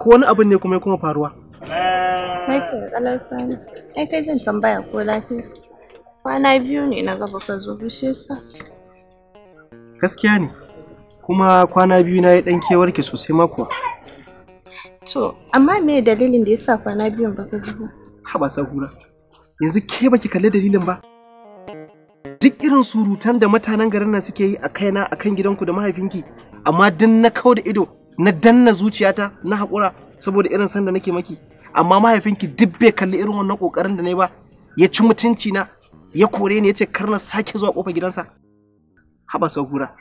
ko wani abin ne kuma ya kuma faruwa kai kai kalar sani ai kai zan tambaya ko lafiya kwana biyu ne na gaba ka zo bishe sa gaskiya ne kuma kwana biyu na yi ɗan kewar ki sosai makuwa. to amma me dalilin da yasa kwana biyun baka zo ba haba sahura yanzu ke baki kalli dalilin ba duk irin surutan da mutanen garin nan suke yi a kaina kan gidanku da mahaifinki amma din na kawo da ido na danna zuciyata na haƙura saboda irin san da nake maki amma mahaifinki duk bai kalli irin wannan ƙoƙarin da na ba ya ci mutunci na ya kore ni ya ce karna sake zuwa ƙofar gidansa haba sahura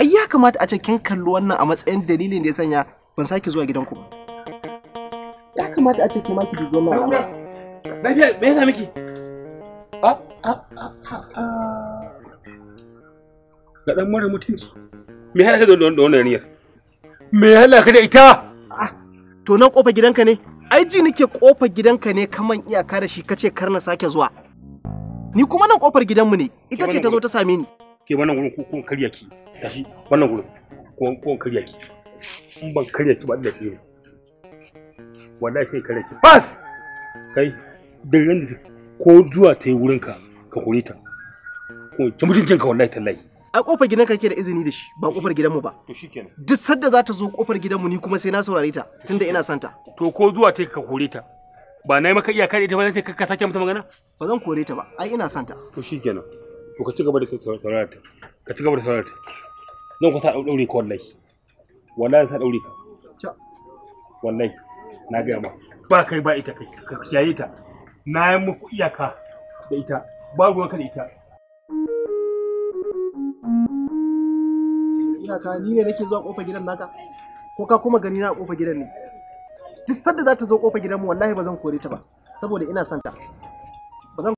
ai ya kamata a ce kin kalli wannan a matsayin dalilin da ya sanya ban sake zuwa gidanku ba ya kamata a ce ke ma ki dubi ba ba me yasa miki a ah, a ah, a ah, ga dan mara mutunci me haɗa da wannan niyyar Me ya halaka da ita? Ah, to nan kofar gidanka ne? Ai ji nake kofar gidanka ne kaman iyaka da shi kace kar na sake zuwa. Ni kuma nan kofar gidanmu ne, ita ce ta zo ta same ni. Ke wannan gurin ko kun karya ki? Tashi wannan gurin ko kun karya ki? In ban karya ki ba da ke ne. Wallahi sai karya ki. Bas! Kai, da ko zuwa ta yi wurinka ka kore ta. Ko ta mutuncinka wallahi tallahi. a kofar gidanka kake da izini da shi ba kofar gidanmu ba to shikenan duk sadda za ta zo kofar gidanmu ni kuma sai na saurare ta tunda ina son ta to ko zuwa take ka kore ta ba na yi maka iyakar ita ba zan ka sake mata magana ba zan kore ta ba ai ina son ta to shikenan to ka ci gaba da saurare ta ka ci gaba da saurare ta zan kusa daure ka wallahi wallahi sa daure ka wallahi na ga ma ba kai ba ita ka kiyaye ta na yi muku iyaka da ita ba ka da ita iyaka ni ne nake zuwa kofar gidan naka ko ka kuma gani na kofar gidan ne duk sanda za ta zo kofar gidan mu wallahi ba zan kore ta ba saboda ina son ta